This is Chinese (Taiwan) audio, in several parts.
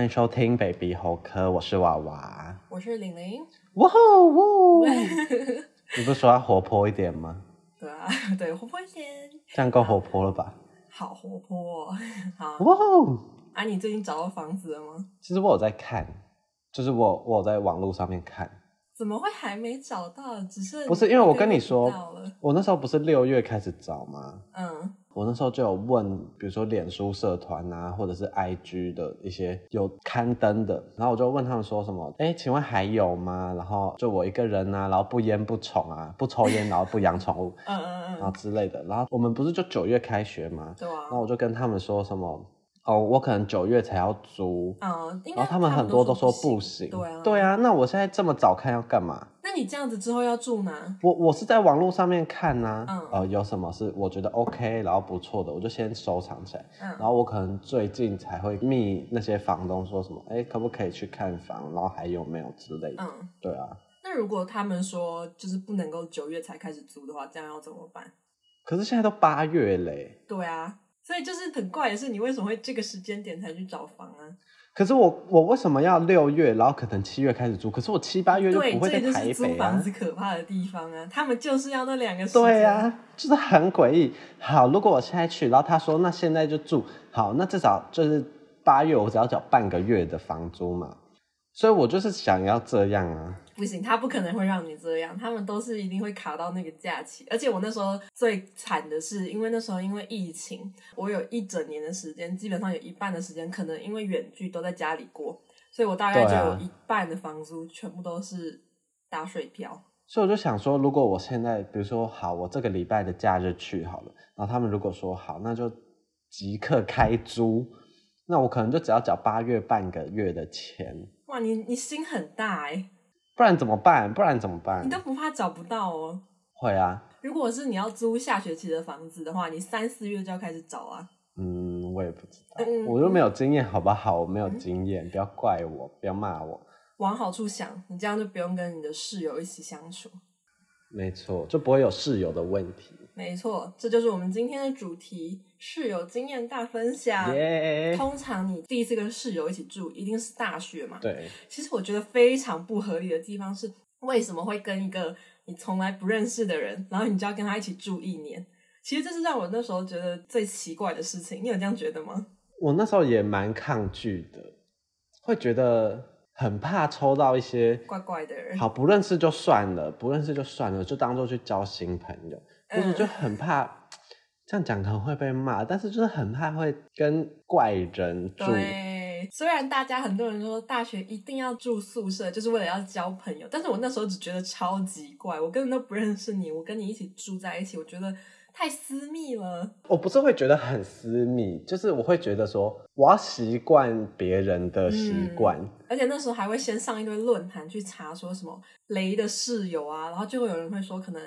歡迎收聽《Baby 好客》，我是娃娃，我是玲玲。哇吼！哇吼 你不是說要活潑一點嗎？對啊，對，活潑一點，這樣夠活潑了吧？啊、好活潑、哦，好。哇哦，啊，你最近找到房子了嗎？其實我有在看，就是我，我在網絡上面看。怎麼會還沒找到？只是不是因為我跟你說，我，我那時候不是六月開始找嗎？嗯。我那時候就有問，比如說臉書社團啊，或者是 IG 的一些有刊登的，然後我就問他們說什麼，哎，請問還有嗎？然後就我一個人吶、啊，然後不煙不寵啊，不抽煙， 然後不養寵物，嗯嗯嗯，然後之類的。 然後我們不是就九月開學嘛，對啊，然後我就跟他們說什麼。哦、oh，我可能九月才要租，oh, 然後他們很多都說不行對、啊，對啊，那我現在這麼早看要幹嘛？那你這樣子之後要住嗎？我我是在網絡上面看呢，啊，呃、嗯哦，有什麼是我覺得 OK，然後不錯的，我就先收藏起來，嗯，然後我可能最近才會密那些房東說什麼，哎，可不可以去看房，然後還有沒有之類的，嗯，對啊。那如果他們說就是不能夠九月才開始租的話，這樣要怎麼辦？可是現在都八月嘞。對啊。所以就是很怪的是，你為什麼會這個時間點才去找房啊？可是我我為什麼要六月，然後可能七月開始租？可是我七八月就不會在台北啊。對，這就是租房子可怕的地方啊！他們就是要那兩個時間。對啊，就是很詭異。好，如果我現在去，然後他說那現在就住，好，那至少就是八月我只要繳半個月的房租嘛。所以我就是想要這樣啊。不行，他不可能會讓你這樣。他們都是一定會卡到那個假期，而且我那時候最慘的是，因為那時候因為疫情，我有一整年的時間，基本上有一半的時間可能因為遠距都在家裡過，所以我大概就、啊、有一半的房租全部都是打水漂。所以我就想說，如果我現在，比如說好，我這個禮拜的假日去好了，然後他們如果說好，那就即刻開租，那我可能就只要繳八月半個月的錢。哇，你你心很大哎、欸。不然怎麼辦？不然怎麼辦？你都不怕找不到哦。會啊。如果是你要租下學期的房子的話，你三四月就要開始找啊。嗯，我也不知道，嗯、我又沒有經驗，好不好？我沒有經驗、嗯，不要怪我，不要罵我。往好處想，你這樣就不用跟你的室友一起相處。沒錯，就不會有室友的問題。沒錯，這就是我們今天的主題：室友經驗大分享。Yeah. 通常你第一次跟室友一起住，一定是大學嘛？對。其實我覺得非常不合理的地方是，為什麼會跟一個你從來不認識的人，然後你就要跟他一起住一年？其實這是讓我那時候覺得最奇怪的事情。你有這樣覺得嗎？我那時候也蠻抗拒的，會覺得很怕抽到一些怪怪的人。好，不認識就算了，不認識就算了，就當做去交新朋友。嗯、就是就很怕這樣講可能會被罵，但是就是很怕會跟怪人住。對，雖然大家很多人說大學一定要住宿舍，就是為了要交朋友，但是我那時候只覺得超級怪，我根本都不認識你，我跟你一起住在一起，我覺得太私密了。我不是會覺得很私密，就是我會覺得說我要習慣別人的習慣、嗯，而且那時候還會先上一堆論壇去查說什麼雷的室友啊，然後就會有人會說可能。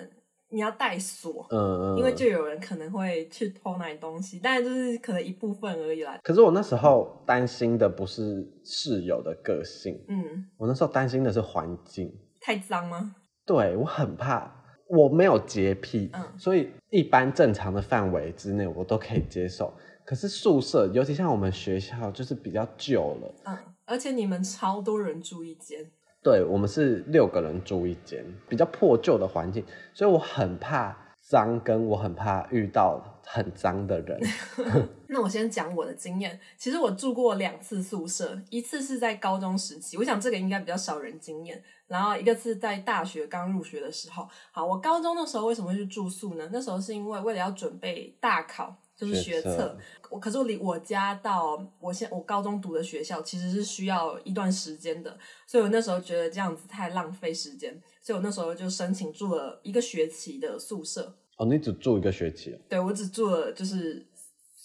你要帶鎖，嗯嗯，因為就有人可能會去偷拿你東西，但就是可能一部分而已啦。可是我那時候擔心的不是室友的個性，嗯，我那時候擔心的是環境。太髒嗎？對，我很怕。我沒有潔癖，嗯，所以一般正常的範圍之內我都可以接受。可是宿舍，尤其像我們學校就是比較舊了，嗯，而且你們超多人住一間。對，我們是六個人住一間比較破舊的環境，所以我很怕髒，跟我很怕遇到很髒的人。 那我先講我的經驗，其實我住過兩次宿舍，一次是在高中時期，我想這個應該比較少人經驗。然後一個是在大學剛入學的時候。好，我高中的時候為什麼會去住宿呢？那時候是因為為了要準備大考，就是學測，我可是我離我家到我現在我高中讀的學校其實是需要一段時間的，所以我那時候覺得這樣子太浪費時間，所以我那時候就申請住了一個學期的宿舍。哦，你只住一個學期啊？對，我只住了就是。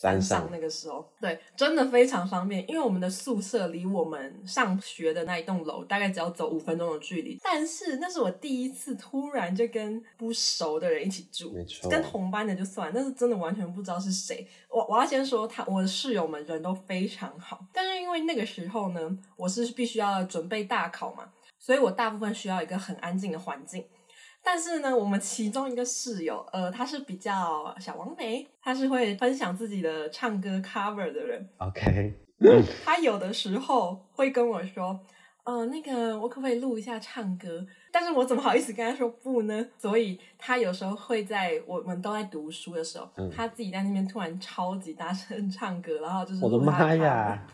山上那個時候，對，真的非常方便，因為我們的宿舍離我們上學的那一棟樓大概只要走五分鐘的距離。但是那是我第一次突然就跟不熟的人一起住，跟同班的就算了，但是真的完全不知道是誰。我我要先說他，他我的室友們人都非常好，但是因為那個時候呢，我是必須要準備大考嘛，所以我大部分需要一個很安靜的環境。但是呢，我們其中一個室友，呃，他是比較小網美，他是會分享自己的唱歌 cover 的人。OK，嗯，他有的時候會跟我說，呃，那個我可不可以錄一下唱歌？但是我怎麼好意思跟他說不呢？所以他有時候會在我們都在讀書的時候，嗯，他自己在那邊突然超級大聲唱歌，然後就是我的媽呀！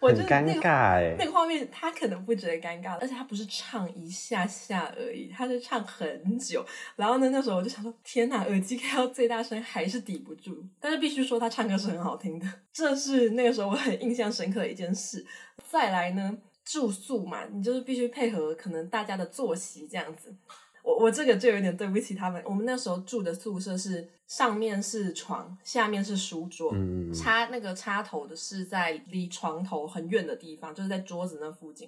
我那個、很尷尬哎，那個畫面他可能不覺得尷尬，而且他不是唱一下下而已，他是唱很久。然後呢，那時候我就想說，天哪，耳機開到最大聲還是抵不住。但是必須說，他唱歌是很好聽的，這是那個時候我很印象深刻的一件事。再來呢，住宿嘛，你就是必須配合可能大家的作息這樣子。我我這個就有點對不起他們，我們那時候住的宿舍是。上面是床，下面是書桌，嗯、插那個插頭的是在離床頭很遠的地方，就是在桌子那附近，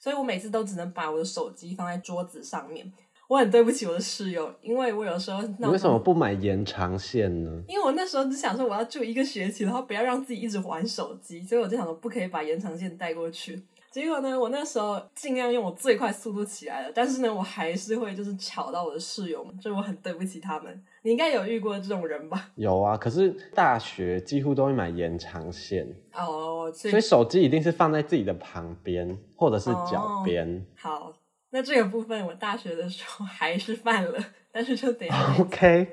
所以我每次都只能把我的手機放在桌子上面。我很對不起我的室友，因為我有時候，那時候……那為什麼不買延長線呢？因為我那時候只想說我要住一個學期，然後不要讓自己一直玩手機，所以我就想說不可以把延長線帶過去。結果呢？我那時候儘量用我最快速度起來了，但是呢，我還是會就是吵到我的室友們，就我很對不起他們。你應該有遇過這種人吧？有啊，可是大學幾乎都會買延長線哦，所，所以手機一定是放在自己的旁邊或者是腳邊。哦，好，那這個部分我大學的時候還是犯了，但是就等 OK。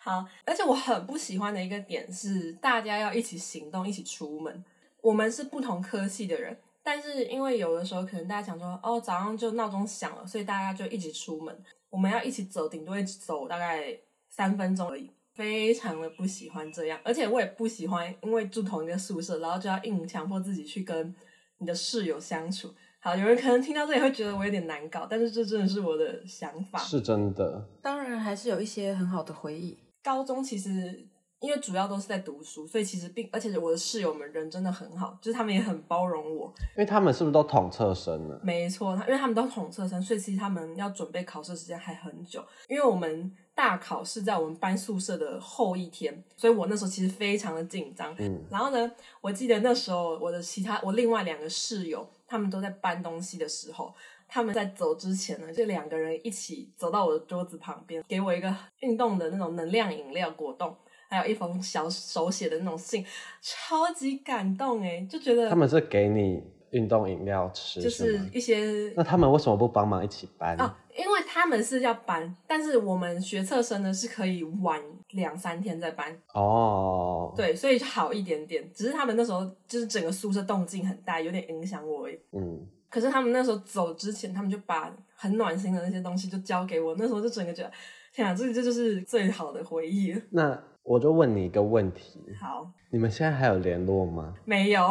好，而且我很不喜歡的一個點是，大家要一起行動、一起出門。我們是不同科系的人。但是因為有的時候可能大家想說，哦，早上就鬧鐘響了，所以大家就一起出門。我們要一起走，頂多一起走大概三分鐘而已。非常的不喜歡這樣，而且我也不喜歡，因為住同一個宿舍，然後就要硬強迫自己去跟你的室友相處。好，有人可能聽到這裡會覺得我有點難搞，但是這真的是我的想法，是真的。當然還是有一些很好的回憶，高中其實。因為主要都是在讀書，所以其實並而且我的室友們人真的很好，就是他們也很包容我。因為他們是不是都統測生呢？沒錯，因為他們都統測生，所以其實他們要準備考試時間還很久。因為我們大考是在我們搬宿舍的後一天，所以我那時候其實非常的緊張。嗯，然後呢，我記得那時候我的其他我另外兩個室友，他們都在搬東西的時候，他們在走之前呢，就兩個人一起走到我的桌子旁邊，給我一個運動的那種能量飲料果凍。還有一封小手寫的那種信，超級感動哎，就覺得他們是給你運動飲料吃，就是一些。那他們為什麼不幫忙一起搬呢？嗯，啊，因為他們是要搬，但是我們學測生呢是可以晚兩三天再搬。哦，對，所以好一點點。只是他們那時候就是整個宿舍動靜很大，有點影響我哎。嗯。可是他們那時候走之前，他們就把很暖心的那些東西就交給我，那時候就整個覺得天啊，這這就是最好的回憶了。那。我就問你一個問題。好，你們現在還有聯絡嗎？沒有。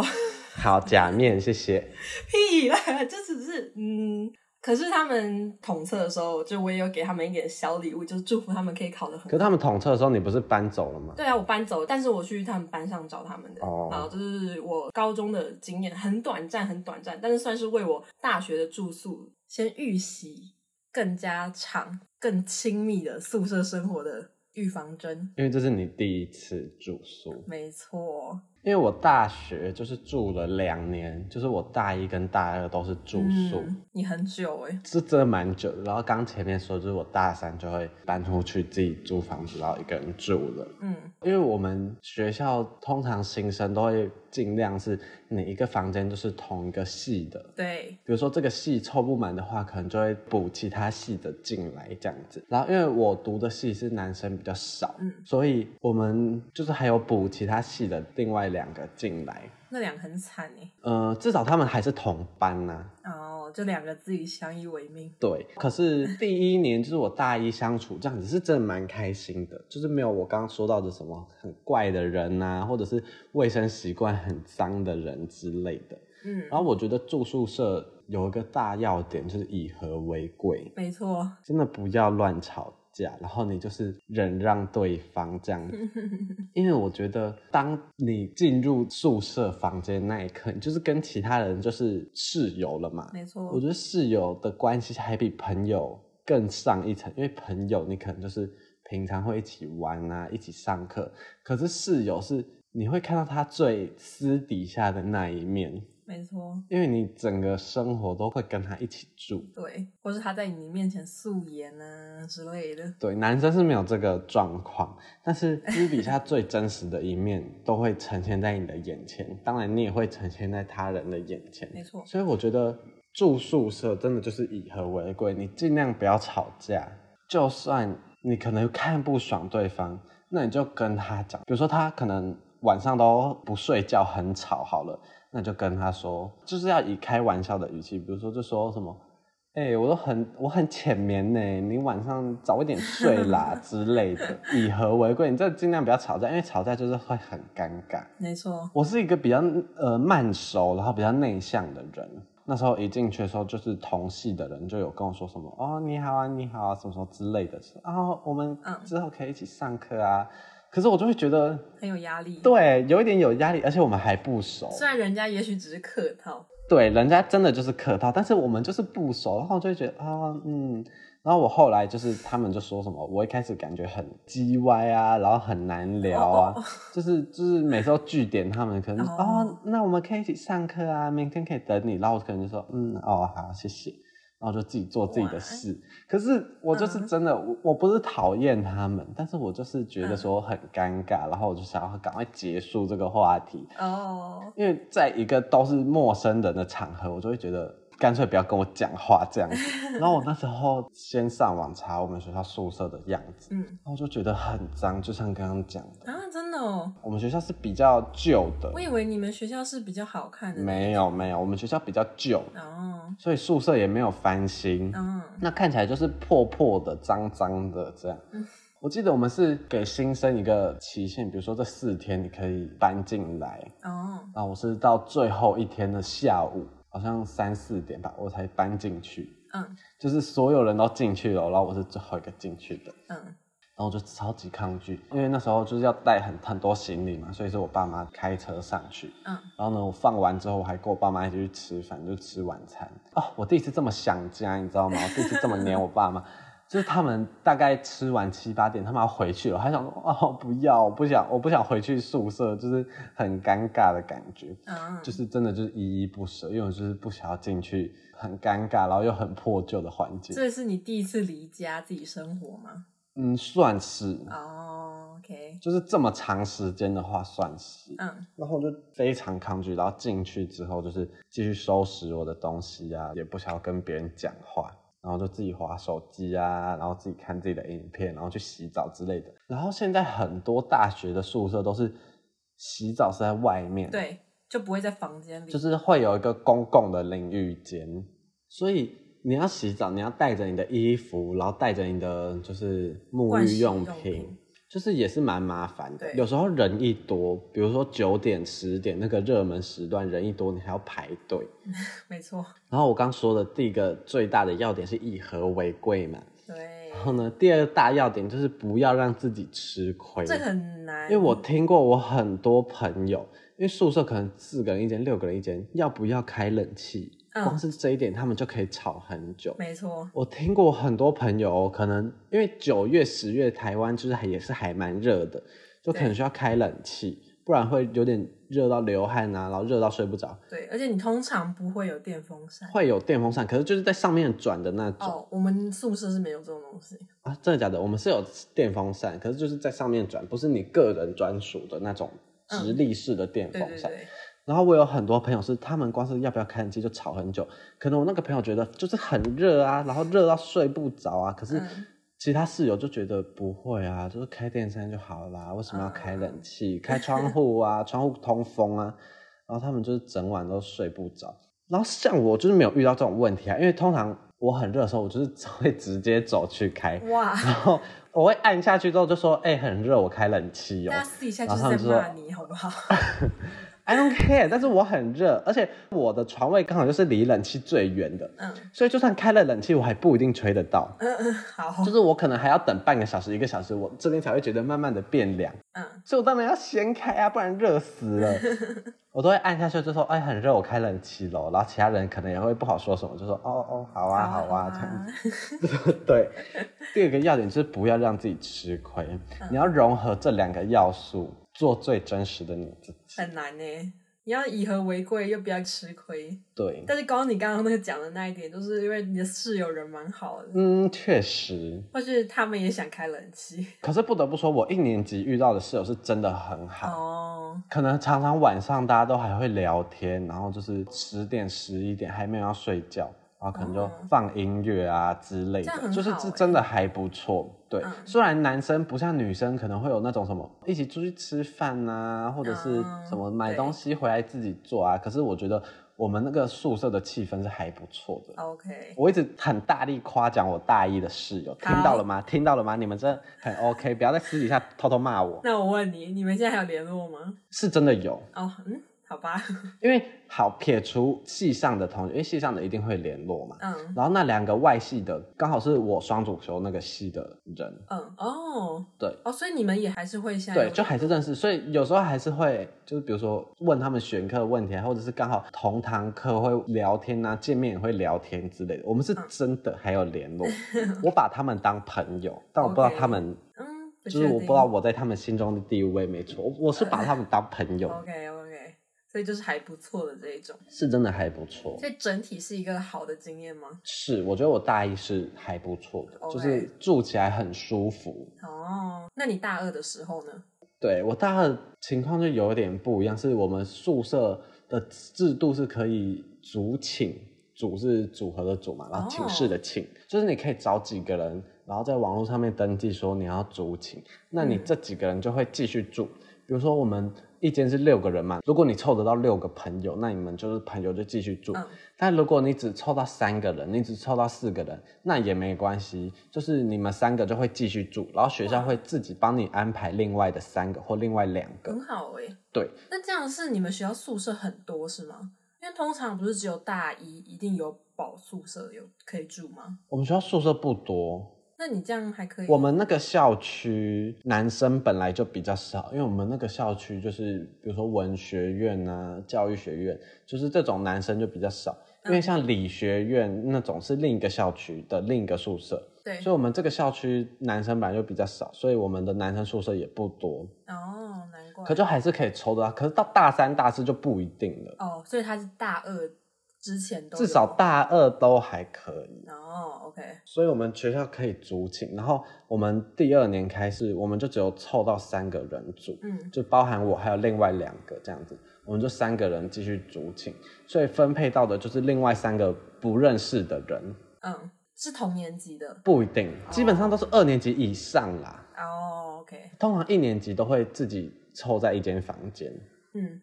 好，假面， 謝謝。屁了，這、就、只是、就是、嗯。可是他們統測的時候，就我也有給他們一點小禮物，就是祝福他們可以考得很好。可是他們統測的時候，你不是搬走了嗎？對啊，我搬走，但是我去他們班上找他們的。哦，然後就是我高中的經驗很短暫，很短暫，但是算是為我大學的住宿先預習，更加長、更親密的宿舍生活的。預防針，因為這是你第一次住宿，沒錯。因為我大學就是住了兩年，就是我大一跟大二都是住宿。嗯、你很久哎、欸，是真的蠻久的。然後剛前面說，就是我大三就會搬出去自己租房子，然後一個人住了。嗯，因為我們學校通常新生都會。儘量是每一個房間都是同一個系的，對。比如說這個系湊不滿的話，可能就會補其他系的進來這樣子。然後因為我讀的系是男生比較少，嗯，所以我們就是還有補其他系的另外兩個進來。那兩個很慘誒。呃，至少他們還是同班啊。這兩個自己相依為命，對。可是第一年就是我大一相處這樣子，是真的蠻開心的， 就是沒有我剛剛說到的什麼很怪的人啊，或者是衛生習慣很髒的人之類的。嗯，然後我覺得住宿舍有一個大要點就是以和為貴，沒錯，真的不要亂吵。然後你就是忍讓對方這樣，因為我覺得當你進入宿舍房間那一刻，你就是跟其他人就是室友了嘛。沒錯，我覺得室友的關係還比朋友更上一層，因為朋友你可能就是平常會一起玩啊，一起上課，可是室友是你會看到他最私底下的那一面。沒錯，因為你整個生活都會跟他一起住，對，或是他在你面前素顏啊之類的。對，男生是沒有這個狀況，但是私底下最真實的一面都會呈現在你的眼前， 當然你也會呈現在他人的眼前。沒錯，所以我覺得住宿舍真的就是以和為貴，你盡量不要吵架，就算你可能看不爽對方，那你就跟他講，比如說他可能晚上都不睡覺，很吵，好了。那就跟他說，就是要以開玩笑的語氣，比如說就說什麼，哎、欸，我都很我很淺眠呢，你晚上早一點睡啦 之類的，以和為貴，你這盡量不要吵架，因為吵架就是會很尷尬。沒錯，我是一個比較呃慢熟，然後比較內向的人。那時候一進去的時候，就是同系的人就有跟我說什麼，哦，你好啊，你好啊，什麼什麼之類的，啊、哦，我們之後可以一起上課啊。嗯可是我就會覺得很有壓力，對，有一點有壓力，而且我們還不熟。雖然人家也許只是客套，對，人家真的就是客套，但是我們就是不熟，然後我就會覺得啊、哦，嗯。然後我後來就是他們就說什麼，我一開始感覺很雞歪啊，然後很難聊啊，哦、就是就是每時候句點他們可能說哦，哦，那我們可以一起上課啊，明天可以等你。然後我可能就說嗯哦好謝謝。然後就自己做自己的事，可是我就是真的，嗯、我我不是討厭他們，但是我就是覺得說很尷尬，嗯、然後我就想要趕快結束這個話題哦，因為在一個都是陌生人的場合，我就會覺得。乾脆不要跟我講話這樣子。然後我那時候先上網查我們學校宿舍的樣子，然後我就覺得很髒，就像剛剛講的啊，真的哦。我們學校是比較舊的，我以為你們學校是比較好看的，沒有沒有，我們學校比較舊哦，所以宿舍也沒有翻新，嗯，那看起來就是破破的、髒髒的這樣。我記得我們是給新生一個期限，比如說這四天你可以搬進來哦。然後我是到最後一天的下午。好像三四點吧，我才搬進去。嗯，就是所有人都進去了，然後我是最後一個進去的。嗯，然後我就超級抗拒，因為那時候就是要帶很很多行李嘛，所以是我爸媽開車上去。嗯，然後呢，我放完之後，我還跟我爸媽一起去吃飯，就吃晚餐。哦、啊，我第一次這麼想家，你知道嗎？我第一次這麼黏我爸媽。 就是他們大概吃完七八點，他們要回去了。我還想說，哦，不要，我不想，我不想回去宿舍，就是很尷尬的感覺。嗯，就是真的就是依依不捨，因為我就是不想要進去，很尷尬，然後又很破舊的環境。這是你第一次離家自己生活嗎？嗯，算是。哦，OK。就是這麼長時間的話，算是。嗯。然後就非常抗拒，然後進去之後就是繼續收拾我的東西啊，也不想要跟別人講話。然後就自己滑手機啊，然後自己看自己的影片，然後去洗澡之類的。然後現在很多大學的宿舍都是洗澡是在外面，對，就不會在房間裡，就是會有一個公共的淋浴間。所以你要洗澡，你要帶着你的衣服，然後帶着你的就是沐浴用品。就是也是蠻麻煩的，有時候人一多，比如說九點、十點那個熱門時段人一多，你還要排隊。嗯，沒錯。然後我剛說的第一個最大的要點是以和為貴嘛，對。然後呢，第二個大要點就是不要讓自己吃虧，這很難。因為我聽過我很多朋友，因為宿舍可能四個人一間、六個人一間，要不要開冷氣？嗯，光是這一點，他們就可以吵很久。沒錯，我聽過很多朋友，可能因為九月、十月，台灣就是也是還蠻熱的，就可能需要開冷氣，不然會有點熱到流汗啊，然後熱到睡不着。對，而且你通常不會有電風扇，會有電風扇，可是就是在上面轉的那種。哦，我們宿舍是沒有這種東西啊！真的假的？我們是有電風扇，可是就是在上面轉，不是你個人專屬的那種直立式的電風扇。嗯，對對對對。然後我有很多朋友是，他們光是要不要開冷氣就吵很久。可能我那個朋友覺得就是很熱啊，然後熱到睡不着啊。可是其他室友就覺得不會啊，就是開電扇就好了啦，為什麼要開冷氣？嗯、開窗戶啊， 窗戶通風啊。然後他們就是整晚都睡不着。然後像我就是沒有遇到這種問題啊，因為通常我很熱的時候，我就是會直接走去開。哇！然後我會按下去之後就說：“哎、欸，很熱，我開冷氣哦。”那試一下，就是在罵你好不好？ I don't care，但是我很熱，而且我的床位剛好就是離冷氣最遠的，嗯，所以就算開了冷氣，我還不一定吹得到，嗯嗯，好，就是我可能還要等半個小時、一個小時，我這邊才會覺得慢慢的變涼，嗯，所以我當然要先開啊，不然熱死了，嗯、 我都會按下去，就說哎、欸、很熱，我開冷氣嘍，然後其他人可能也會不好說什麼，就說哦哦好啊好啊，這樣子，對，第二個要點就是不要讓自己吃虧、嗯，你要融合這兩個要素。做最真實的你自己很難呢，你要以和為貴，又不要吃虧。對，但是剛剛你剛剛那個講的那一點，就是因為你的室友人蠻好的。嗯，確實。或是他們也想開冷氣。可是不得不說，我一年級遇到的室友是真的很好。哦。可能常常晚上大家都還會聊天，然後就是十點、十一點還沒有要睡覺。啊，可能就放音樂啊之類的，就是這真的還不錯。對，雖然男生不像女生可能會有那種什麼一起出去吃飯啊，或者是什麼買東西回來自己做啊，可是我覺得我們那個宿舍的氣氛是還不錯的。OK，我一直很大力誇獎我大一的室友，聽到了嗎？聽到了嗎？你們真的很 OK，不要在私底下偷偷罵我。那我問你，你們現在還有聯絡嗎？是真的有。哦，嗯。好吧， 因為好撇除系上的同學，因為系上的一定會聯絡嘛。嗯。然後那兩個外系的，剛好是我雙主修那個系的人。嗯哦。對。哦，所以你們也還是會像、這個、對，就還是認識，所以有時候還是會，就是比如說問他們選課問題啊，或者是剛好同堂課會聊天啊，見面也會聊天之類的。我們是真的還有聯絡，嗯、我把他們當朋友， 但我不知道他們，嗯、okay,，就是我不知道我在他們心中的地位沒錯，我是把他們當朋友。Okay, okay. 所以就是還不錯的這一種，是真的還不錯。所以整體是一個好的經驗嗎？是，我覺得我大一是還不錯的，oh，就是住起來很舒服。哦，oh，那你大二的時候呢？對，我大二情況就有點不一樣，是我們宿舍的制度是可以組寢，組是組合的組嘛，然後寢室的寢，oh. 就是你可以找幾個人，然後在網絡上面登記說你要組寢，那你這幾個人就會繼續住。嗯比如說我們一間是六個人嘛，如果你湊得到六個朋友，那你們就是朋友就繼續住。嗯。但如果你只湊到三個人，你只湊到四個人，那也沒關係，就是你們三個就會繼續住，然後學校會自己幫你安排另外的三個或另外兩個。很好哎，欸。對。那這樣是你們學校宿舍很多是嗎？因為通常不是只有大一一定有保宿舍有可以住嗎？我們學校宿舍不多。那你這樣還可以？我們那個校區男生本來就比較少，因為我們那個校區就是，比如說文學院啊、教育學院，就是這種男生就比較少。嗯、因為像理學院那種是另一個校區的另一個宿舍。對。所以我們這個校區男生本來就比較少，所以我們的男生宿舍也不多。哦，難怪。可就還是可以抽的，啊，可是到大三、大四就不一定了。哦，所以他是大二。之前都至少大二都還可以哦，OK。所以，我們學校可以組寢，然後我們第二年開始，我們就只有湊到三個人組，嗯，就包含我還有另外兩個這樣子，我們就三個人繼續組寢。所以分配到的就是另外三個不認識的人，嗯，是同年級的，不一定，基本上都是二年級以上啦，哦，OK。通常一年級都會自己湊在一間房間，嗯。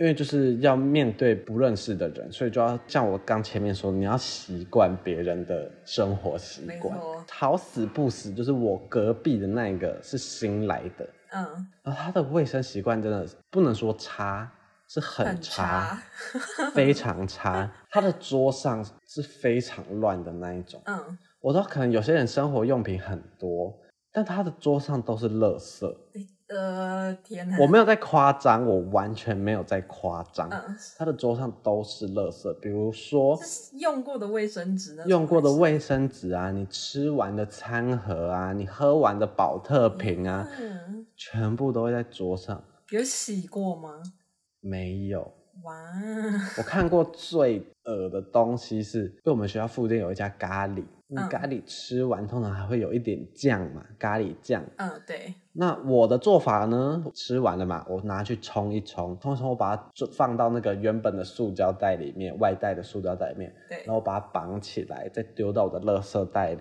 因為就是要面對不認識的人，所以就要像我剛前面說，你要習慣別人的生活習慣。沒錯，好死不死就是我隔壁的那一個是新來的，嗯，然後他的衛生習慣真的不能說差，是很差，很差 非常差。他的桌上是非常亂的那一種，嗯，我知道可能有些人生活用品很多，但他的桌上都是垃圾。欸呃，天吶，我沒有在誇張，我完全沒有在誇張、呃。他的桌上都是垃圾，比如說用過的衛生紙呢，用過的衛生紙啊，你吃完的餐盒啊，你喝完的寶特瓶啊，呃、全部都會在桌上。有洗過嗎？沒有。哇！我看過最惡的東西是，就我們學校附近有一家咖喱，那咖喱吃完通常還會有一點醬嘛，咖喱醬。嗯，對。那我的做法呢？吃完了嘛，我拿去衝一衝，通常我把它放到那個原本的塑膠袋裡面，外帶的塑膠袋裡面。對。然後把它綁起來，再丟到我的垃圾袋裡。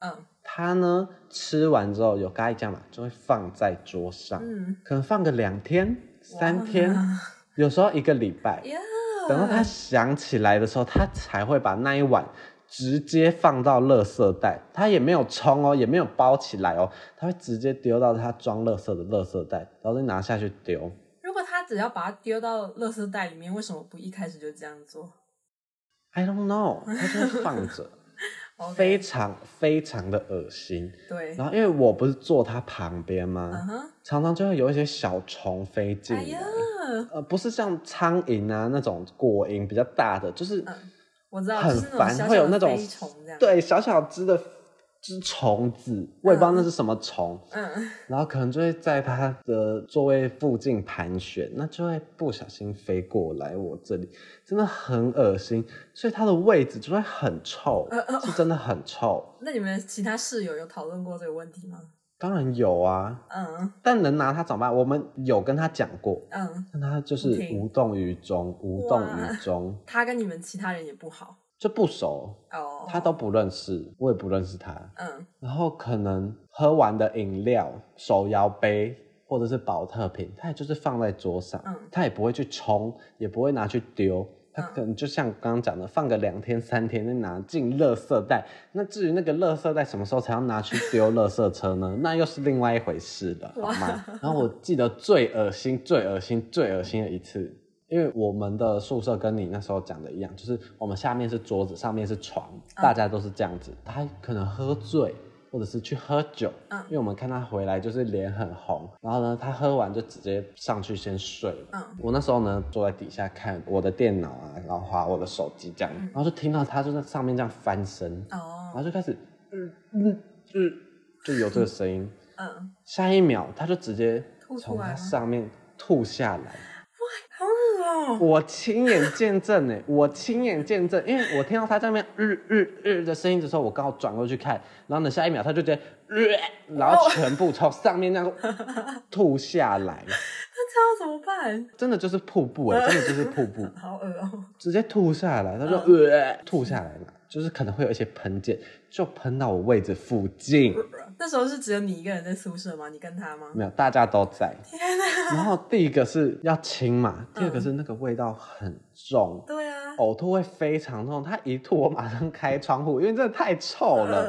嗯。他呢，吃完之後有咖喱醬嘛，就會放在桌上，嗯、可能放個兩天、嗯、三天。有時候一個禮拜，yeah. 等到他想起來的時候，他才會把那一碗直接放到垃圾袋。他也沒有沖哦，也沒有包起來哦，他會直接丟到他裝垃圾的垃圾袋，然後再拿下去丟。如果他只要把它丟到垃圾袋裡面，為什麼不一開始就這樣做？I don't know，他就是放着。 Okay. 非常非常的噁心，對。然後因為我不是坐他旁邊嗎？Uh-huh. 常常就會有一些小蟲飛進來，哎、呃，不是像蒼蠅啊那種果蠅比較大的，就是很煩，嗯，就是、小小會有那種對小小只的。隻蟲子，我也不知道那是什麼蟲，嗯，嗯，然後可能就會在他的座位附近盤旋，那就會不小心飛過來我這裡，真的很噁心，所以他的位置就會很臭，呃，哦，是真的很臭。那你們其他室友有討論過這個問題嗎？當然有啊，嗯，但能拿他怎麼辦？我們有跟他講過，嗯，但他就是無動於衷，無動於衷。他跟你們其他人也不好。就不熟，他、oh. 都不認識，我也不認識他。嗯、uh.，然後可能喝完的飲料、手搖杯或者是保特瓶，他也就是放在桌上，他、uh. 也不會去沖，也不會拿去丟，他可能就像剛剛講的，放個兩天三天那拿進垃圾袋。那至於那個垃圾袋什麼時候才要拿去丟垃圾車呢？ 那又是另外一回事了，好嗎？Wow. 然後我記得最噁心、最噁心、最噁心的一次。因為我們的宿舍跟你那時候講的一樣，就是我們下面是桌子，上面是床，大家都是這樣子。他可能喝醉，或者是去喝酒。嗯，因為我們看他回來就是臉很紅，然後呢，他喝完就直接上去先睡了。嗯，我那時候呢坐在底下看我的電腦啊，然後划我的手機這樣，然後就聽到他就在上面這樣翻身。哦，然後就開始嗯嗯嗯，就有這個聲音。嗯，下一秒他就直接從他上面吐下來。哇，好！Oh. 我親眼見證，我親眼見證，因為我聽到他在那邊日日日的聲音的時候，我剛好轉過去看，然後呢，下一秒他就直接、呃，然後全部從上面那個吐下來，那這樣怎麼辦？真的就是瀑布哎，真的就是瀑布， 好惡哦、喔，直接吐下來，他就、呃、吐下來嘛，就是可能會有一些噴濺。就噴到我位置附近。那時候是只有你一個人在宿舍嗎？你跟他嗎？沒有，大家都在。天哪！然後第一個是要清嘛、嗯，第二個是那個味道很重。嗯、對啊。嘔吐會非常重，他一吐我馬上開窗戶，因為真的太臭了，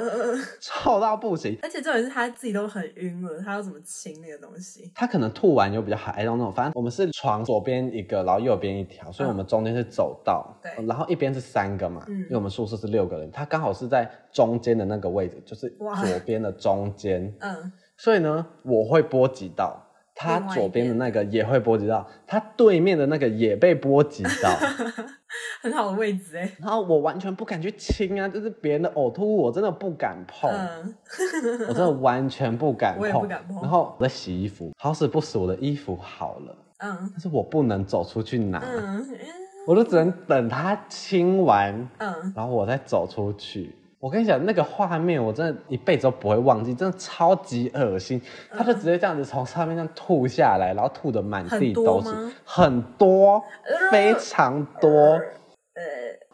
臭、呃、到不行。而且重點是他自己都很暈了，他要怎麼清那個東西？他可能吐完又比較還那種，I don't know, 反正我們是床左邊一個，然後右邊一條，所以我們中間是走道、嗯。對。然後一邊是三個嘛、嗯，因為我們宿舍是六個人，他剛好是在中。中間的那個位置就是左邊的中間，嗯，所以呢，我會波及到他左邊的那個，也會波及到他對面的那個，也被波及到，很好的位置哎。然後我完全不敢去清啊，就是別人的嘔吐物，我真的不敢碰，嗯、我真的完全不敢，不敢碰。然後我在洗衣服，好死不死我的衣服好了，嗯，但是我不能走出去拿，嗯嗯、我都只能等他清完，嗯，然後我再走出去。我跟你講，那個畫面我真的一輩子都不會忘記，真的超級噁心。他就直接這樣子從上面這樣吐下來，然後吐得滿地都是很、很多，非常多呃。呃，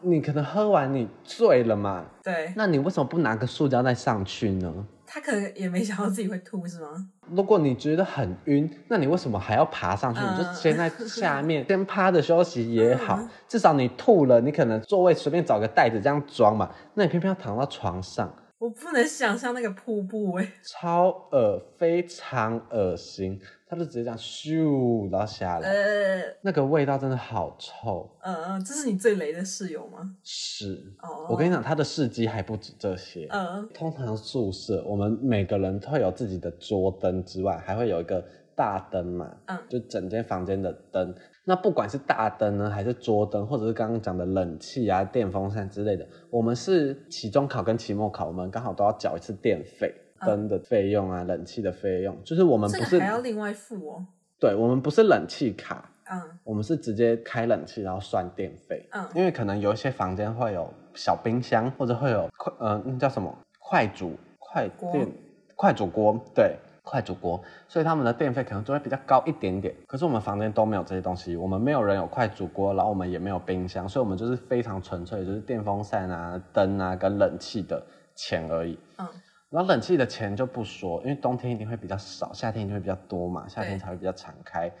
你可能喝完你醉了嘛？對。那你為什麼不拿個塑膠袋上去呢？他可能也沒想到自己會吐，是嗎？如果你覺得很暈，那你為什麼還要爬上去？嗯、你就先在下面、嗯、先趴着休息也好，嗯、至少你吐了，你可能座位隨便找個袋子這樣裝嘛。那你偏偏要躺到床上。我不能想象那個瀑布哎、欸，超惡，非常噁心，他就直接這樣咻，然後下來，呃、那個味道真的好臭，嗯、呃、嗯，這是你最雷的室友嗎？是，哦、我跟你講，他的事跡還不止這些，嗯、呃，通常宿舍我們每個人都會有自己的桌燈之外，還會有一個。大燈嘛，嗯，就整間房間的燈。那不管是大燈呢，還是桌燈，或者是剛剛講的冷氣啊、電風扇之類的，我們是期中考跟期末考，我們剛好都要繳一次電費、燈、嗯、的費用啊、冷氣的費用。就是我們不是還要另外付哦？對，我們不是冷氣卡，嗯，我們是直接開冷氣，然後算電費。嗯，因為可能有一些房間會有小冰箱，或者會有快嗯，呃、叫什麼快煮快電快煮鍋，對。快煮鍋，所以他們的電費可能就會比較高一點點。可是我們房間都沒有這些東西，我們沒有人有快煮鍋，然後我們也沒有冰箱，所以我們就是非常純粹，就是電風扇啊、燈啊跟冷氣的錢而已。嗯，然後冷氣的錢就不說，因為冬天一定會比較少，夏天一定會比較多嘛，夏天才會比較常開。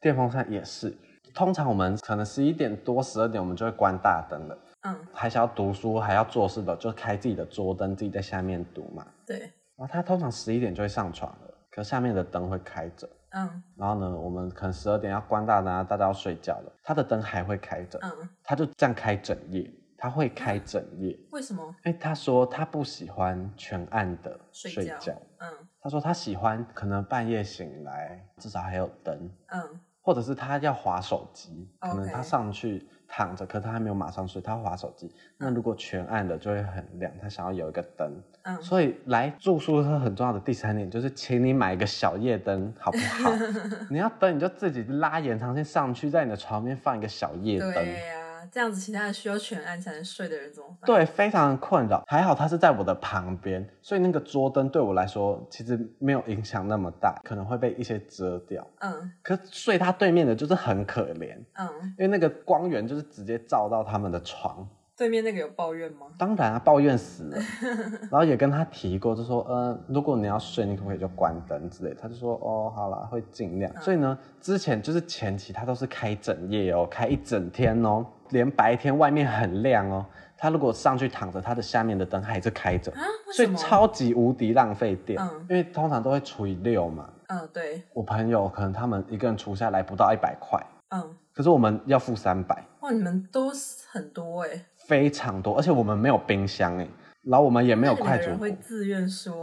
電風扇也是，通常我們可能十一點多、十二點我們就會關大燈了。嗯，還想要讀書、還要做事的，就開自己的桌燈，自己在下面讀嘛。對，然後他通常十一點就會上床了。可是下面的燈會開着，嗯，然後呢，我們可能十二點要關大燈啊，大家要睡覺了，他的燈還會開着，嗯，他就這樣開整夜，他會開整夜，嗯，為什麼？哎，他說他不喜歡全暗的睡覺，睡覺，嗯，他說他喜歡可能半夜醒來至少還有燈，嗯，或者是他要滑手機，可能他上去。Okay. 躺着，可他還沒有馬上睡，他滑手機。那如果全暗的就會很亮，他想要有一個燈。嗯。所以來住宿是很重要的第三點就是，請你買一個小夜燈，好不好？ 你要燈，你就自己拉延長線上去，在你的床邊放一個小夜燈。對呀。這樣子，其他的需要全暗才能睡的人怎麼辦？對，非常困擾。還好他是在我的旁邊，所以那個桌燈對我來說其實沒有影響那麼大，可能會被一些遮掉。嗯。可睡他對面的就是很可憐。嗯。因為那個光源就是直接照到他們的床。對面那個有抱怨嗎？當然啊，抱怨死了。 然後也跟他提過，就說呃，如果你要睡，你可不可以就關燈之類的？他就說哦，好啦，會盡量。嗯。所以呢，之前就是前期他都是開整夜哦，開一整天哦，連白天外面很亮哦，他如果上去躺着，他的下面的燈還是開着。啊啊，所以超級無敵浪費電。嗯，因為通常都會除以六嘛。嗯，對。我朋友可能他們一個人除下來不到一百塊。嗯。可是我們要付三百。哇，你們都很多哎，欸。非常多，而且我們沒有冰箱哎，然後我們也沒有快煮鍋。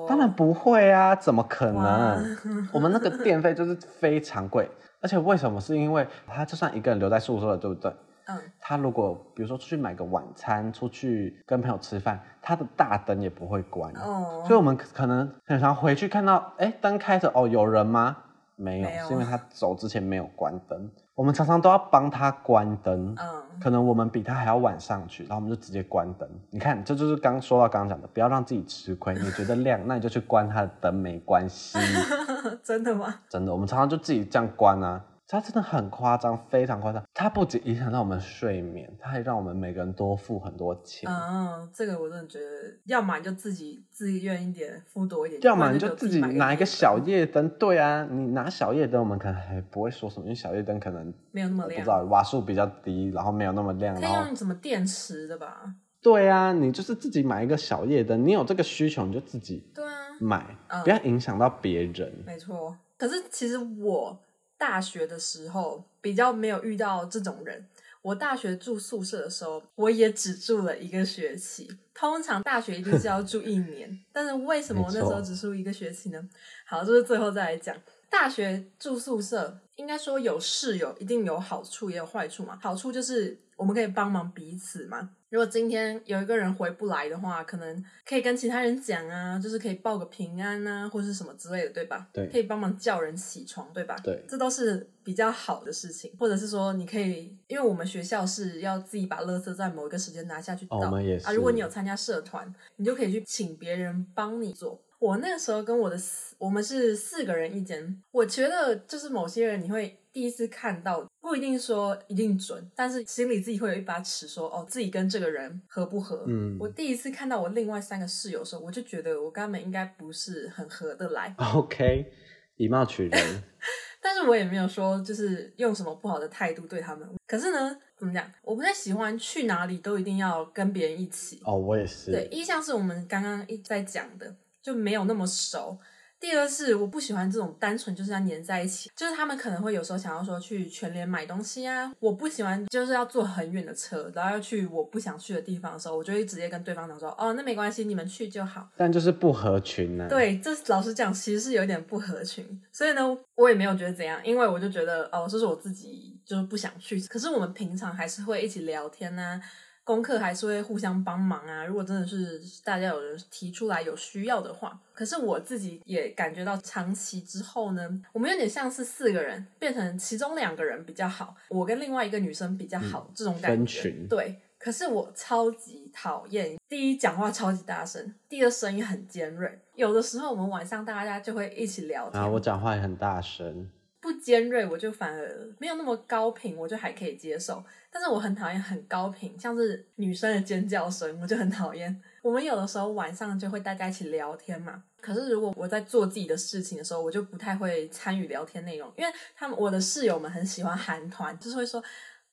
當然不會啊，怎麼可能？ 我們那個電費就是非常貴，而且為什麼？是因為他就算一個人留在宿舍了，對不對？嗯。他如果比如說出去買個晚餐，出去跟朋友吃飯，他的大燈也不會關。哦。所以我們可能很常回去看到，哎，燈開着哦，有人嗎？沒有，是因為他走之前沒有關燈。我們常常都要幫他關燈，嗯，可能我們比他還要晚上去，然後我們就直接關燈。你看，這就是剛說到剛剛講的，不要讓自己吃虧。你覺得亮， 那你就去關他的燈，沒關係。 真的嗎？真的，我們常常就自己這樣關啊。它真的很誇張，非常誇張。它不僅影響到我們睡眠，它還讓我們每個人多付很多錢。啊、嗯，這個我真的覺得，要買就自己自願一點，付多一點。要麼你就,就自己拿一,一個小夜燈，對啊，你拿小夜燈，我們可能還不會說什麼，因為小夜燈可能沒有那麼亮，不知道瓦數比較低，然後沒有那麼亮。然後用什麼電池的吧？對啊，你就是自己買一個小夜燈，你有這個需求你就自己對啊買、嗯，不要影響到別人。嗯、沒錯，可是其實我。大學的時候比較沒有遇到這種人。我大學住宿舍的時候，我也只住了一個學期。通常大學一定是要住一年， 但是為什麼我那時候只住一個學期呢？好，這、就是最後再來講。大學住宿舍，應該說有室友一定有好處，也有壞處嘛。好處就是我們可以幫忙彼此嘛。如果今天有一個人回不來的話，可能可以跟其他人講啊，就是可以報個平安啊，或者是什麼之類的，對吧？對，可以幫忙叫人起床，對吧？對，這都是比較好的事情，或者是說你可以，因為我們學校是要自己把垃圾在某一個時間拿下去倒。Oh、啊。如果你有參加社團，你就可以去請別人幫你做。我那時候跟我的四，我們是四個人一間，我覺得就是某些人你會。第一次看到不一定說一定準，但是心裡自己會有一把尺說，說哦自己跟這個人合不合。嗯，我第一次看到我另外三個室友的時候，我就覺得我跟他們應該不是很合得來。OK，以貌取人。 但是我也沒有說就是用什麼不好的態度對他們。可是呢，怎麼講？我不太喜歡去哪裡都一定要跟別人一起。哦，我也是。對，一項是我們剛剛一直在講的，就沒有那麼熟。第二是我不喜歡這種單純就是要黏在一起。就是他們可能會有時候想要說去全聯買東西啊，我不喜歡就是要坐很遠的車，然後要去我不想去的地方的時候，我就會直接跟對方講說，哦，那沒關係，你們去就好。但就是不合群呢？對，這老實講其實是有點不合群，所以呢我也沒有覺得怎樣，因為我就覺得哦這是我自己就是不想去，可是我們平常還是會一起聊天呢。功課還是會互相幫忙啊。如果真的是大家有人提出來有需要的話，可是我自己也感覺到長期之後呢，我們有點像是四個人變成其中兩個人比較好，我跟另外一個女生比較好這種感覺。嗯、分群。對。可是我超級討厭，第一講話超級大聲，第二聲音很尖銳。有的時候我們晚上大家就會一起聊天。啊，我講話也很大聲。不尖銳，我就反而沒有那麼高頻，我就還可以接受。但是我很討厭很高頻，像是女生的尖叫聲，我就很討厭。我們有的時候晚上就會大家一起聊天嘛。可是如果我在做自己的事情的時候，我就不太會參與聊天內容，因為他們我的室友們很喜歡韓團，就是會說。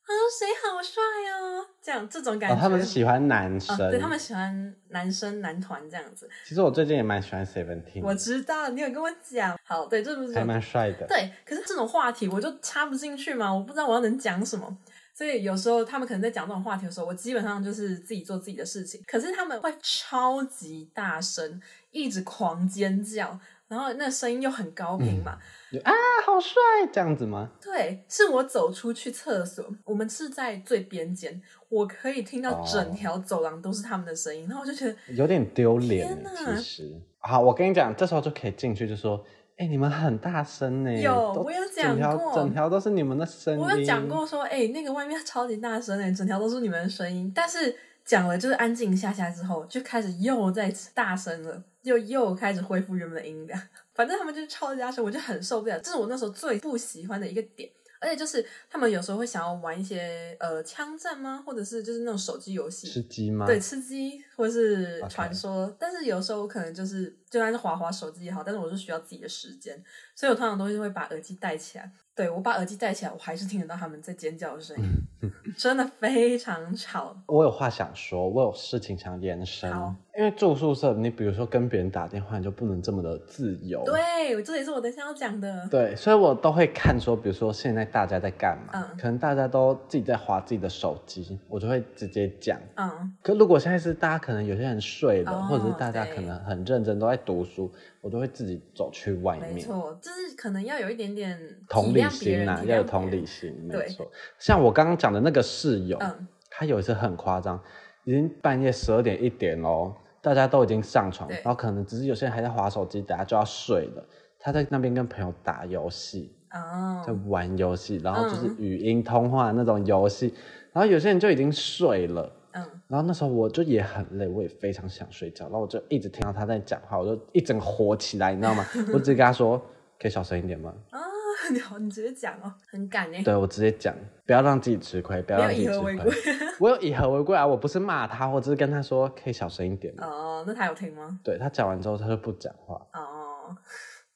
啊，誰好帥哦、喔！這樣這種感覺、哦，他們喜歡男生、哦，對，他們喜歡男生男團這樣子。其實我最近也蠻喜歡 Seventeen，我知道你有跟我講。好，對，這不是還蠻帥的。對，可是這種話題我就插不進去嘛，我不知道我要能講什麼。所以有時候他們可能在講這種話題的時候，我基本上就是自己做自己的事情。可是他們會超級大聲，一直狂尖叫。然後那聲音又很高頻嘛、嗯，啊，好帥，這樣子嗎？對，是我走出去廁所，我們是在最邊間，我可以聽到整條走廊都是他們的聲音，哦、然後我就覺得有點丟臉。天哪。其實，好、啊，我跟你講，這時候就可以進去就說，哎、欸，你們很大聲耶。有，我有講過，整條都是你們的聲音。我有講過說，哎、欸，那個外面超級大聲耶，整條都是你們的聲音。但是講了就是安靜一下下之後，就開始又在大聲了。又又開始恢復原本的音量，反正他們就是超大聲，我就很受不了。這是我那時候最不喜歡的一個點，而且就是他們有時候會想要玩一些呃槍戰嗎，或者是就是那種手機遊戲，吃雞嗎？對，吃雞或是傳說。Okay. 但是有時候我可能就是就算是滑滑手機也好，但是我是需要自己的時間，所以我通常都會把耳機戴起來。對，我把耳機戴起來，我還是聽得到他們在尖叫的聲音， 真的非常吵。我有話想說，我有事情想延伸。因為住宿舍，你比如說跟別人打電話，你就不能這麼的自由。對，這也是我等一下要講的。對，所以我都會看說，比如說現在大家在幹嘛？嗯、可能大家都自己在滑自己的手機，我就會直接講。嗯，可如果現在是大家可能有些人睡了，哦、或者是大家可能很認真都在讀書，我都會自己走去外面。沒錯，就是可能要有一點點同理心吶、啊，要有同理心。沒錯對，像我剛剛講的那個室友，嗯，他有一次很誇張，已經半夜十二點一點嘍、哦。大家都已經上床，然後可能只是有些人還在滑手機，等下就要睡了。他在那邊跟朋友打遊戲，哦、oh.，在玩遊戲，然後，遊戲 oh. 然後就是語音通話那種遊戲，然後有些人就已經睡了，oh. 然後那時候我就也很累，我也非常想睡覺，然後我就一直聽到他在講話，我就一整個火起來，你知道嗎？ 我就直接跟他說：“可以小聲一點嗎？” oh. 你 你直接講哦，很敢耶。對，我直接講，不要讓自己吃虧，不要以和為貴。 我有以和為貴啊，我不是罵他，我只是跟他說可以小聲一點嘛哦，oh, 那他有聽嗎？對他講完之後，他就不講話。哦、oh.，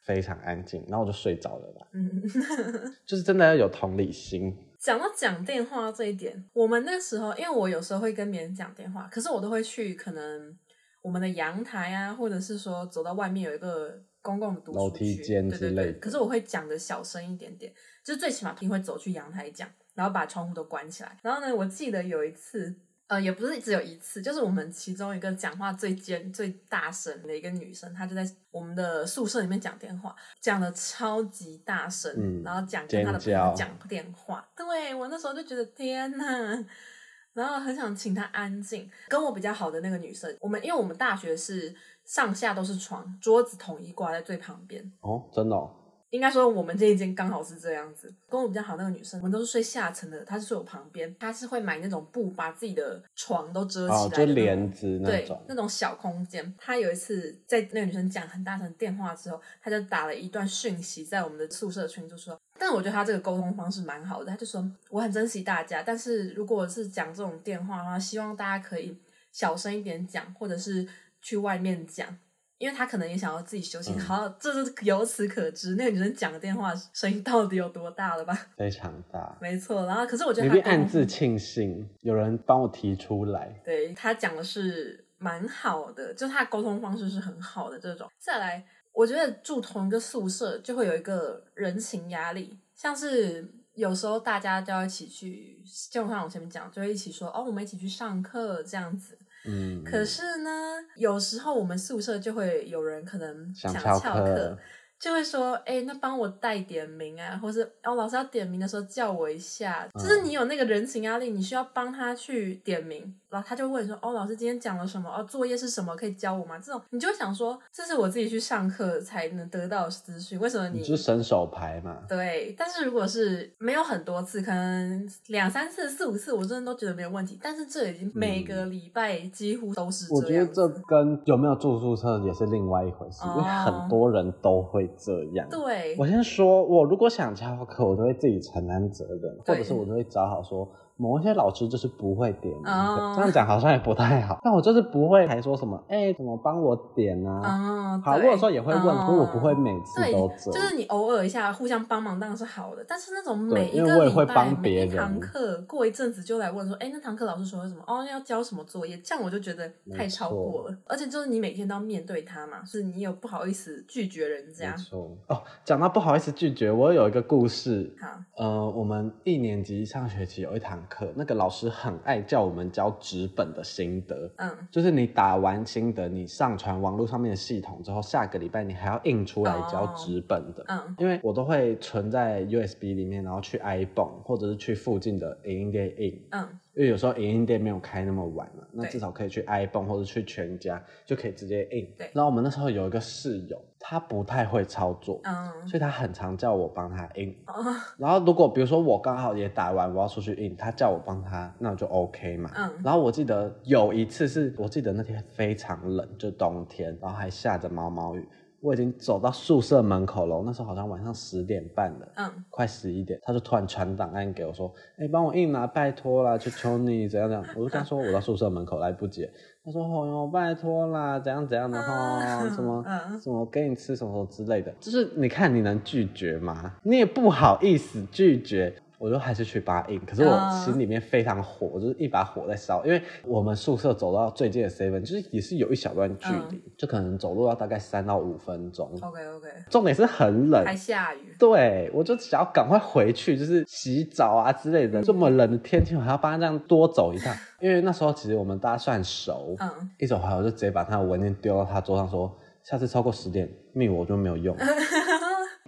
非常安靜，然後我就睡着了啦嗯， 就是真的要有同理心。講 到講電話這一點，我們那時候，因為我有時候會跟別人講電話，可是我都會去可能我們的陽台啊，或者是說走到外面有一個。公共的讀樓梯間之類的，對對對，可是我會講的小聲一點點，就是最起碼你會走去陽台講，然後把窗戶都關起來。然後呢，我記得有一次，呃，也不是只有一次，就是我們其中一個講話最尖、最大聲的一個女生，她就在我們的宿舍裡面講電話，講得超級大聲，嗯、然後講跟她的朋友講電話。對，我那時候就覺得天哪，然後很想請她安靜。跟我比較好的那個女生，我們因為我們大學是。上下都是床，桌子統一掛在最旁邊。哦，真的、哦。應該說我們這一間剛好是這樣子。跟我比較好那個女生，我們都是睡下層的，她是睡我旁邊。她是會買那種布，把自己的床都遮起來，遮、哦、簾子那種。對，那種小空間。她有一次在那個女生講很大聲電話之後，她就打了一段訊息在我們的宿舍群，就說。但我覺得她這個溝通方式蠻好的，她就說我很珍惜大家，但是如果是講這種電話的話，希望大家可以小聲一點講，或者是。去外面講，因為他可能也想要自己休息。好，嗯，這是由此可知，那個女生講電話聲音到底有多大了吧？非常大，沒錯。然後，可是我覺得他暗自慶幸有人幫我提出來。對，他講的是蠻好的，就是他的溝通方式是很好的這種。再來，我覺得住同一個宿舍就會有一個人情壓力，像是有時候大家就要一起去，就像我前面講，就會一起說，哦，我們一起去上課，這樣子。嗯，可是呢，有時候我們宿舍就會有人可能想翹課，就會說：“哎、欸，那幫我帶點名啊，或是哦，老師要點名的時候叫我一下。嗯”就是你有那個人情壓力，你需要幫他去點名。然後他就問說：“哦，老師今天講了什麼？哦、啊，作業是什麼？可以教我嗎？”這種你就會想說，這是我自己去上課才能得到的資訊。為什麼你是伸手牌嘛？對，但是如果是沒有很多次，可能兩三次、四五次，我真的都覺得沒有問題。但是這已經每個禮拜幾乎都是這樣、嗯。我覺得這跟有沒有住宿舍也是另外一回事、哦，因為很多人都會這樣。對，我先說，我如果想翹課，我都會自己承擔責任，或者是我都會找好說。某一些老師就是不會點、啊 oh.，這樣講好像也不太好。但我就是不會，還說什麼哎、欸，怎麼幫我點呢、啊？Oh, 好，或者說也會問，不、oh. 過我不會每次都。對，就是你偶爾一下互相幫忙當然是好的，但是那種每一個禮拜人每一堂課過一陣子就來問說，哎、欸，那堂課老師說什麼？哦，要交什麼作業？這樣我就覺得太超過了，而且就是你每天都要面對他嘛，所、就、以、是、你有不好意思拒絕人家。沒哦，講到不好意思拒絕，我有一個故事。好，呃，我們一年級上學期有一堂。可那個老師很愛叫我們交紙本的心得，嗯，就是你打完心得，你上傳網絡上面的系統之後，下個禮拜你還要印出來交紙本的，哦、嗯，因為我都會存在 U S B 裡面，然後去 ibon 或者是去附近的 A N G A in 嗯。因為有時候影印店沒有開那麼晚了、啊，那至少可以去 ibon，或者去全家就可以直接印。然後我們那時候有一個室友，他不太會操作，嗯、所以他很常叫我幫他印、哦。然後如果比如說我剛好也打完，我要出去印，他叫我幫他，那我就 OK 嘛。嗯、然後我記得有一次是，我記得那天非常冷，就冬天，然後還下着毛毛雨。我已經走到宿舍門口了，那時候好像晚上十點半了，嗯，快十一點，他就突然傳檔案給我說，哎、欸，幫我印啊、拜托啦，求求你怎樣怎樣，我就跟他說，我到宿舍門口來不及，他說哦喲、哎，拜托啦，怎樣怎樣的哈，什麼什麼給你吃什麼，什麼之類的、嗯，就是你看你能拒絕嗎？你也不好意思拒絕。我就還是去幫印，可是我心裡面非常火，嗯、我就是一把火在燒，因為我們宿舍走到最近的 seven 就是也是有一小段距離、嗯，就可能走路要大概三到五分鐘。OK OK。重點是很冷，還下雨。對，我就想要趕快回去，就是洗澡啊之類的。嗯、這麼冷的天氣，我還要幫他這樣多走一趟、嗯，因為那時候其實我們大家算熟。嗯。一走回來我就直接把他的文件丟到他桌上說，說下次超過十點密我就沒有用了。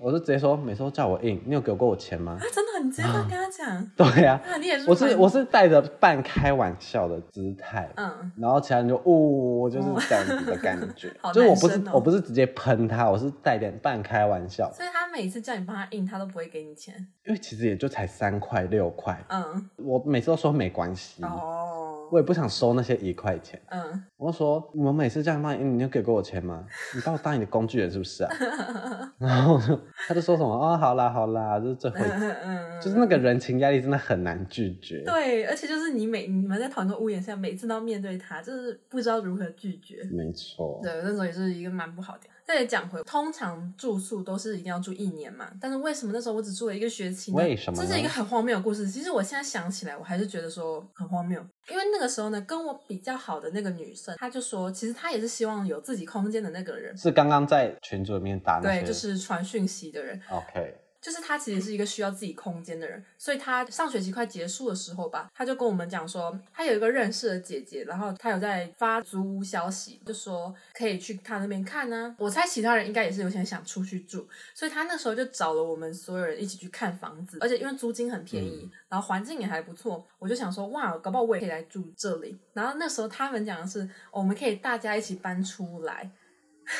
我就直接說，每次都叫我印，你有給過我錢嗎？啊，真的，很直接跟他講、嗯。對呀、啊。啊，你也是。我是我是帶着半開玩笑的姿態，嗯，然後其他人就嗚，就是這樣子的感覺。哦 好大聲喔、就是我不是我不是直接噴他，我是帶點半開玩笑。所以他每次叫你幫他印，他都不會給你錢，因為其實也就才三塊六塊。嗯。我每次都說沒關係。哦。我也不想收那些一塊錢。嗯，我就說你們每次這樣賣，你有給過我錢嗎？你把我當你的工具人是不是啊？ 然後我就他就說什麼哦，好啦好啦，這是最後一、嗯，就是那個人情壓力真的很難拒絕。對，而且就是你每你們在同一個屋檐下，每次都要面對他，就是不知道如何拒絕。沒錯。對，那時候也是一個蠻不好的。再也講回，通常住宿都是一定要住一年嘛，但是為什麼那時候我只住了一個學期呢？為什麼？這是一個很荒謬的故事。其實我現在想起來，我還是覺得說很荒謬。因為那個時候呢，跟我比較好的那個女生，她就說，其實她也是希望有自己空間的那個人，是剛剛在群組裡面打那，對，就是傳訊息的人。OK。就是他其實是一個需要自己空間的人，所以他上學期快結束的時候吧，他就跟我們講說，他有一個認識的姐姐，然後他有在發租屋消息，就說可以去他那邊看呢、啊。我猜其他人應該也是有點想出去住，所以他那時候就找了我們所有人一起去看房子，而且因為租金很便宜，然後環境也還不錯，我就想說哇，搞不好我也可以來住這裡。然後那時候他們講的是，哦，我們可以大家一起搬出來。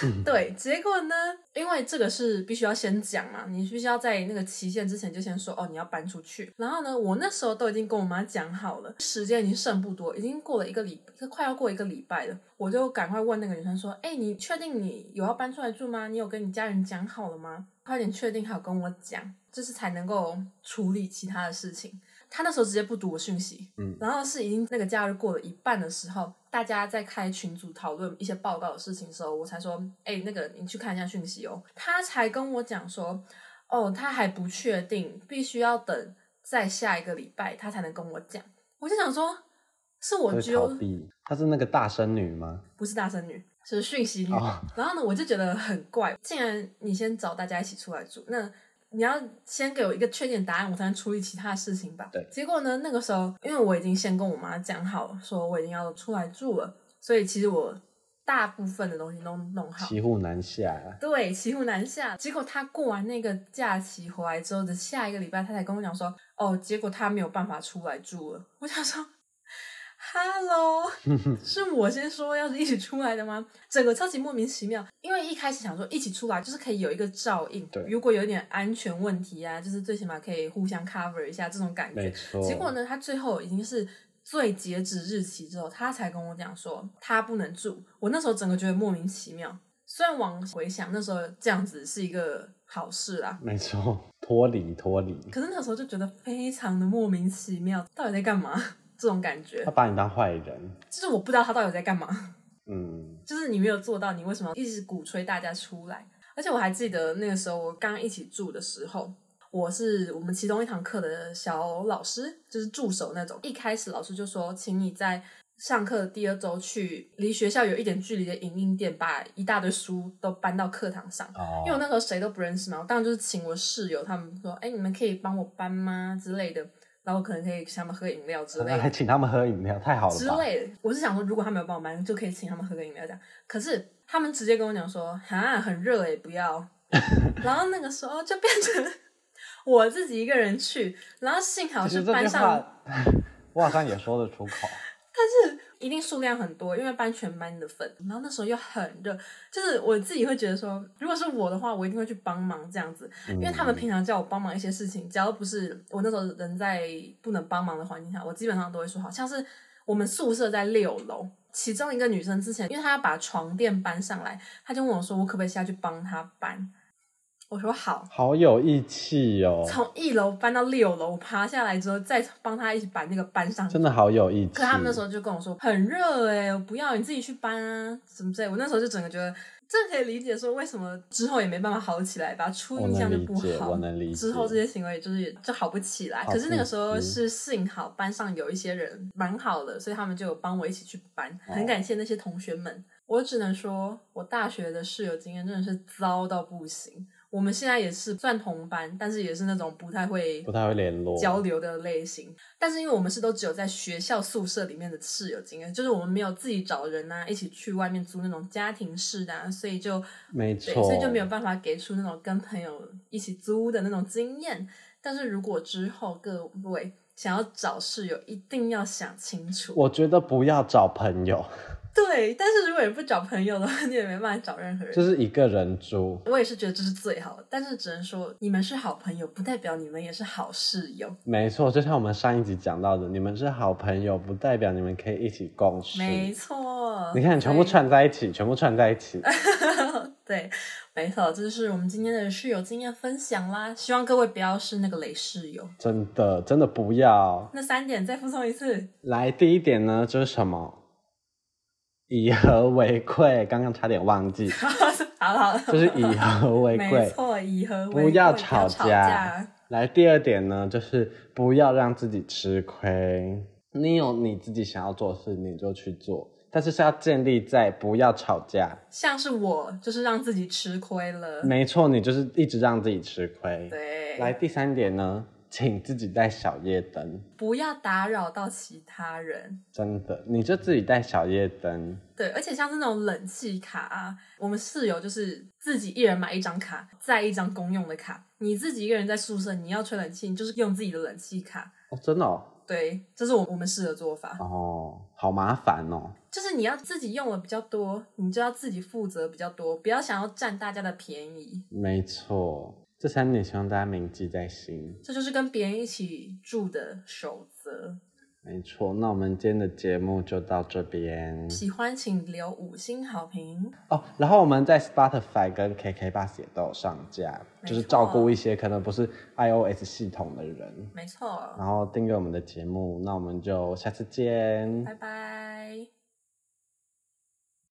嗯、對，結果呢？因為這個是必須要先講嘛，你必須要在那個期限之前就先說哦，你要搬出去。然後呢，我那時候都已經跟我媽講好了，時間已經剩不多，已經過了一個禮，快要過一個禮拜了，我就趕快問那個女生說：“哎，你確定你有要搬出來住嗎？你有跟你家人講好了嗎？快點確定好跟我講，這是才能夠處理其他的事情。”他那時候直接不讀我訊息，嗯，然後是已經那個假日過了一半的時候，大家在開群組討論一些報告的事情的時候，我才說，哎、欸，那個你去看一下訊息哦。他才跟我講說，哦，他還不確定，必須要等再下一個禮拜他才能跟我講。我就想說，是我覺得她是那個大聲女嗎？不是大聲女，是訊息女，哦。然後呢，我就覺得很怪，既然你先找大家一起出來住，那。你要先給我一個確定答案，我才能處理其他的事情吧。對，結果呢？那個時候，因為我已經先跟我媽講好了，說我已經要出來住了，所以其實我大部分的東西都弄、弄好。騎虎難下啊。對，騎虎難下。結果他過完那個假期回來之後的下一個禮拜，他才跟我講說，哦，結果他沒有辦法出來住了。我想說。哈囉，是我先說要是一起出來的嗎？整個超級莫名其妙。因為一開始想說一起出來就是可以有一個照應。對，如果有點安全問題啊，就是最起碼可以互相 cover 一下這種感覺。沒錯。結果呢，他最後已經是最截止日期之後，他才跟我講說他不能住。我那時候整個覺得莫名其妙。雖然往回想那時候這樣子是一個好事啦，沒錯，脫離脫離。可是那時候就覺得非常的莫名其妙，到底在幹嘛？這種感覺，他把你當壞人，就是我不知道他到底在幹嘛。嗯，就是你沒有做到，你為什麼一直鼓吹大家出來？而且我還記得那個時候，我剛一起住的時候，我是我們其中一堂課的小老師，就是助手那種。一開始老師就說，請你在上課的第二週去離學校有一點距離的影音店，把一大堆書都搬到課堂上。哦，因為我那時候誰都不認識嘛，我當時就是請我室友，他們說，哎、欸，你們可以幫我搬嗎？之類的。然後可能可以他請他們喝飲料之類的，請他們喝飲料太好了。之類，我是想說，如果他們有幫忙，就可以請他們喝個飲料這樣。可是他們直接跟我講說：“啊，很熱誒、欸，不要。 ”然後那個時候就變成我自己一個人去。然後幸好是班上，我好像也說得出口。 但是。一定數量很多，因為搬全班的份，然後那時候又很熱，就是我自己會覺得說，如果是我的話，我一定會去幫忙這樣子，因為他們平常叫我幫忙一些事情，只要不是我那時候人在不能幫忙的環境下，我基本上都會說好。好像是我們宿舍在六樓，其中一個女生之前，因為她要把床墊搬上來，她就問我說，我可不可以下去幫她搬？我說好，好有義氣哦！從一樓搬到六樓，我爬下來之後再幫他一起把那個搬上，真的好有義氣。可他們那時候就跟我說很熱誒、欸、我不要你自己去搬啊，什麼之類。我那時候就整個覺得這可以理解，說為什麼之後也沒辦法好起來，吧？初印象就不好，能理解能理解，之後這些行為就是就好不起來。可是那個時候是幸好班上有一些人蠻好的，所以他們就有幫我一起去搬，很感謝那些同學們。哦、我只能說我大學的室友經驗真的是糟到不行。我們現在也是算同班，但是也是那種不太會、不太會聯絡、交流的類型。但是因為我們是都只有在學校宿舍裡面的室友經驗，就是我們沒有自己找人啊，一起去外面租那種家庭式的啊，所以就沒錯，對，所以就沒有辦法給出那種跟朋友一起租的那種經驗。但是如果之後各位想要找室友，一定要想清楚。我覺得不要找朋友。對，但是如果你不找朋友的話，你也沒辦法找任何人。就是一個人住，我也是覺得這是最好的。但是只能說，你們是好朋友，不代表你們也是好室友。沒錯，就像我們上一集講到的，你們是好朋友，不代表你們可以一起共事。沒錯，你看，全部串在一起，全部串在一起。 對，沒錯，這就是我們今天的室友經驗分享啦。希望各位不要是那個雷室友，真的真的不要。那三點再複誦一次。來，第一點呢，就是什麼？以和為貴，剛剛差點忘記。 好了好了，就是以和為貴， 沒錯，以和為貴，不要吵架，也要吵架。來，第二點呢，就是不要讓自己吃虧。你有你自己想要做的事，你就去做，但是是要建立在不要吵架。像是我，就是讓自己吃虧了。沒錯，你就是一直讓自己吃虧。對。來，第三點呢？ 請自己帶小夜燈，不要打擾到其他人。真的，你就自己帶小夜燈。對，而且像這種冷氣卡啊，我們室友就是自己一人買一張卡，再一張公用的卡。你自己一個人在宿舍，你要吹冷氣，你就是用自己的冷氣卡。哦，真的哦。對，這是我我們室的做法。哦，好麻煩哦。就是你要自己用的比較多，你就要自己負責的比較多，不要想要佔大家的便宜。沒錯。這三點希望大家銘記在心。這就是跟別人一起住的守則。沒錯，那我們今天的節目就到這邊。喜歡請留五星好評哦。然後我們在 Spotify 跟 KKBOX 也都有上架，就是照顧一些可能不是 iOS 系統的人。沒錯。然後訂閱我們的節目，那我們就下次見。拜拜。